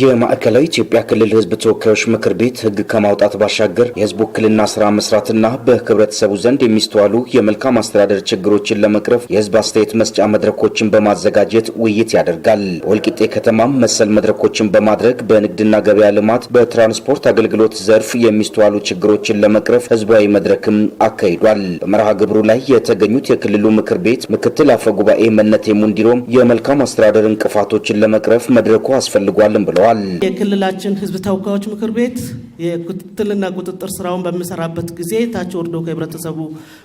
የማዕከላዊ ኢትዮጵያ ክልል ህዝብ ተወካዮች ምክር ቤት ህግ ከማውጣት ባሻገር የህዝብ ውክልና ስራ መስራትና በህብረተሰቡ ዘንድ የሚስተዋሉ የመልካም አስተዳደር ችግሮችን ለመቅረፍ የህዝብ አስተያየት መስጫ መድረኮችን በማዘጋጀት ውይይት ያደርጋል። ወልቂጤ ከተማም መሰል መድረኮችን በማድረግ በንግድና ገበያ ልማት፣ በትራንስፖርት አገልግሎት ዘርፍ የሚስተዋሉ ችግሮችን ለመቅረፍ ህዝባዊ መድረክም አካሂዷል። በመርሃ ግብሩ ላይ የተገኙት የክልሉ ምክር ቤት ምክትል አፈጉባኤ መነቴ ሙንዲሮም የመልካም አስተዳደር እንቅፋቶችን ለመቅረፍ መድረኩ አስፈልጓልም ብለዋል። ገልጸዋል። የክልላችን ህዝብ ተወካዮች ምክር ቤት የክትትልና ቁጥጥር ስራውን በሚሰራበት ጊዜ ታች ወርዶ ከህብረተሰቡ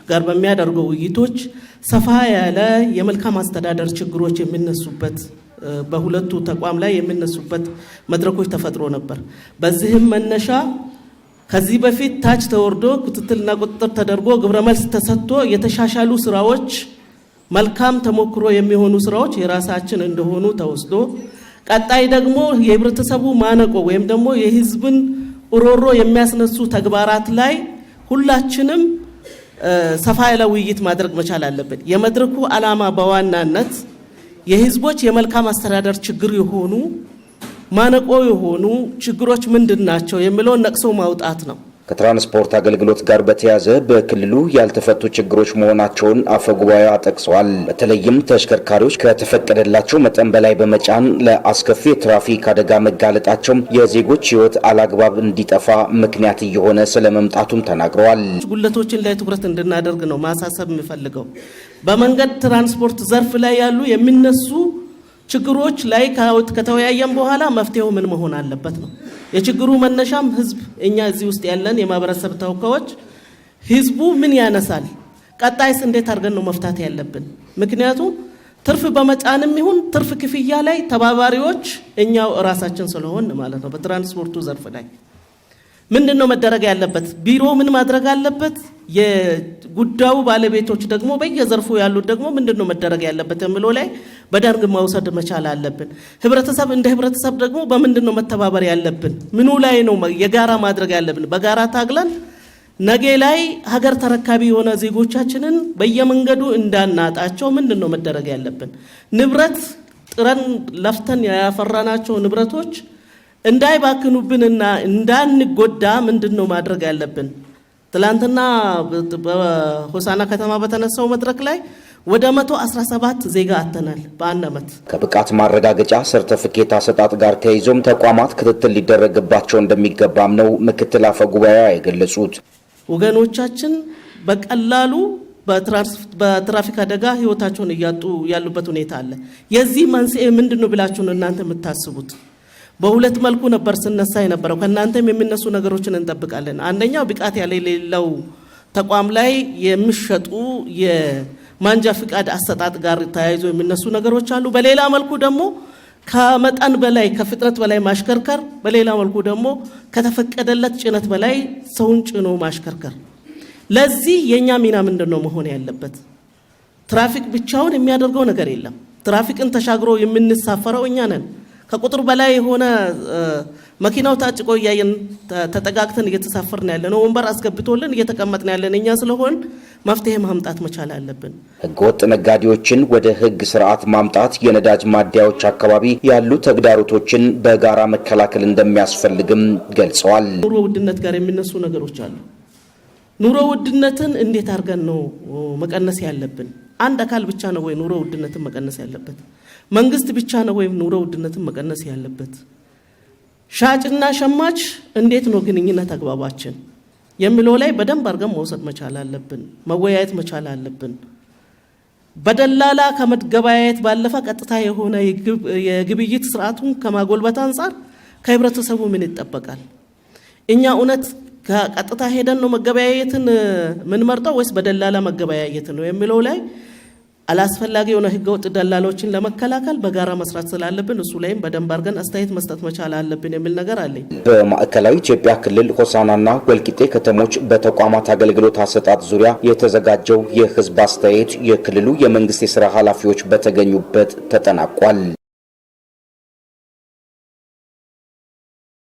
ጋር በሚያደርገው ውይይቶች ሰፋ ያለ የመልካም አስተዳደር ችግሮች የሚነሱበት በሁለቱ ተቋም ላይ የሚነሱበት መድረኮች ተፈጥሮ ነበር። በዚህም መነሻ ከዚህ በፊት ታች ተወርዶ ክትትልና ቁጥጥር ተደርጎ ግብረ መልስ ተሰጥቶ የተሻሻሉ ስራዎች መልካም ተሞክሮ የሚሆኑ ስራዎች የራሳችን እንደሆኑ ተወስዶ ቀጣይ ደግሞ የህብረተሰቡ ማነቆ ወይም ደግሞ የህዝብን እሮሮ የሚያስነሱ ተግባራት ላይ ሁላችንም ሰፋ ያለ ውይይት ማድረግ መቻል አለብን። የመድረኩ ዓላማ በዋናነት የህዝቦች የመልካም አስተዳደር ችግር የሆኑ ማነቆ የሆኑ ችግሮች ምንድን ናቸው የሚለውን ነቅሶ ማውጣት ነው። ከትራንስፖርት አገልግሎት ጋር በተያያዘ በክልሉ ያልተፈቱ ችግሮች መሆናቸውን አፈጉባኤዋ ጠቅሰዋል። በተለይም ተሽከርካሪዎች ከተፈቀደላቸው መጠን በላይ በመጫን ለአስከፊ የትራፊክ አደጋ መጋለጣቸው የዜጎች ሕይወት አላግባብ እንዲጠፋ ምክንያት እየሆነ ስለመምጣቱም ተናግረዋል። ጉለቶችን ላይ ትኩረት እንድናደርግ ነው ማሳሰብ የሚፈልገው። በመንገድ ትራንስፖርት ዘርፍ ላይ ያሉ የሚነሱ ችግሮች ላይ ከተወያየን በኋላ መፍትሄው ምን መሆን አለበት ነው የችግሩ መነሻም ህዝብ፣ እኛ እዚህ ውስጥ ያለን የማህበረሰብ ተወካዮች ህዝቡ ምን ያነሳል፣ ቀጣይስ እንዴት አድርገን ነው መፍታት ያለብን? ምክንያቱም ትርፍ በመጫንም ይሁን ትርፍ ክፍያ ላይ ተባባሪዎች እኛው እራሳችን ስለሆን ማለት ነው በትራንስፖርቱ ዘርፍ ላይ ምንድን ነው መደረግ ያለበት? ቢሮ ምን ማድረግ አለበት? የጉዳዩ ባለቤቶች ደግሞ በየዘርፉ ያሉት ደግሞ ምንድን ነው መደረግ ያለበት የምለው ላይ በደንብ መውሰድ መቻል አለብን። ህብረተሰብ እንደ ህብረተሰብ ደግሞ በምንድን ነው መተባበር ያለብን? ምኑ ላይ ነው የጋራ ማድረግ ያለብን? በጋራ ታግለን ነገ ላይ ሀገር ተረካቢ የሆነ ዜጎቻችንን በየመንገዱ እንዳናጣቸው ምንድን ነው መደረግ ያለብን? ንብረት ጥረን ለፍተን ያፈራናቸው ንብረቶች እንዳይባክኑብንና እንዳንጎዳ ምንድን ነው ማድረግ ያለብን? ትላንትና በሆሳና ከተማ በተነሳው መድረክ ላይ ወደ 117 ዜጋ አተናል በአንድ ዓመት። ከብቃት ማረጋገጫ ሰርተፍኬት አሰጣጥ ጋር ተያይዞም ተቋማት ክትትል ሊደረግባቸው እንደሚገባም ነው ምክትል አፈ ጉባኤ የገለጹት። ወገኖቻችን በቀላሉ በትራፊክ አደጋ ህይወታቸውን እያጡ ያሉበት ሁኔታ አለ። የዚህ መንስኤ ምንድን ነው ብላችሁን እናንተ የምታስቡት? በሁለት መልኩ ነበር ስነሳ የነበረው። ከእናንተም የሚነሱ ነገሮችን እንጠብቃለን። አንደኛው ብቃት ያለ የሌለው ተቋም ላይ የሚሸጡ የማንጃ ፍቃድ አሰጣጥ ጋር ተያይዞ የሚነሱ ነገሮች አሉ። በሌላ መልኩ ደግሞ ከመጠን በላይ ከፍጥነት በላይ ማሽከርከር፣ በሌላ መልኩ ደግሞ ከተፈቀደለት ጭነት በላይ ሰውን ጭኖ ማሽከርከር። ለዚህ የእኛ ሚና ምንድን ነው መሆን ያለበት? ትራፊክ ብቻውን የሚያደርገው ነገር የለም። ትራፊክን ተሻግሮ የምንሳፈረው እኛ ነን። ከቁጥር በላይ የሆነ መኪናው ታጭቆ እያየን ተጠጋግተን እየተሳፈርን ያለ ነው። ወንበር አስገብቶልን እየተቀመጥን ያለን እኛ ስለሆን መፍትሄ ማምጣት መቻል አለብን። ህገወጥ ነጋዴዎችን ወደ ህግ ስርዓት ማምጣት፣ የነዳጅ ማደያዎች አካባቢ ያሉ ተግዳሮቶችን በጋራ መከላከል እንደሚያስፈልግም ገልጸዋል። ኑሮ ውድነት ጋር የሚነሱ ነገሮች አሉ። ኑሮ ውድነትን እንዴት አድርገን ነው መቀነስ ያለብን? አንድ አካል ብቻ ነው ወይ ኑሮ ውድነትን መቀነስ ያለበት? መንግስት ብቻ ነው ወይም ኑሮ ውድነትን መቀነስ ያለበት? ሻጭና ሸማች እንዴት ነው ግንኙነት አግባባችን የሚለው ላይ በደንብ አድርገን መውሰድ መቻል አለብን፣ መወያየት መቻል አለብን። በደላላ ከመገበያየት ባለፈ ቀጥታ የሆነ የግብይት ስርዓቱን ከማጎልበት አንጻር ከህብረተሰቡ ምን ይጠበቃል? እኛ እውነት ከቀጥታ ሄደን ነው መገበያየትን ምንመርጠው ወይስ በደላላ መገበያየት ነው የሚለው ላይ አላስፈላጊ የሆነ ህገወጥ ደላሎችን ለመከላከል በጋራ መስራት ስላለብን እሱ ላይም በደንብ አድርገን አስተያየት መስጠት መቻል አለብን የሚል ነገር አለኝ። በማዕከላዊ ኢትዮጵያ ክልል ሆሳናና ወልቂጤ ከተሞች በተቋማት አገልግሎት አሰጣጥ ዙሪያ የተዘጋጀው የህዝብ አስተያየት የክልሉ የመንግስት የስራ ኃላፊዎች በተገኙበት ተጠናቋል።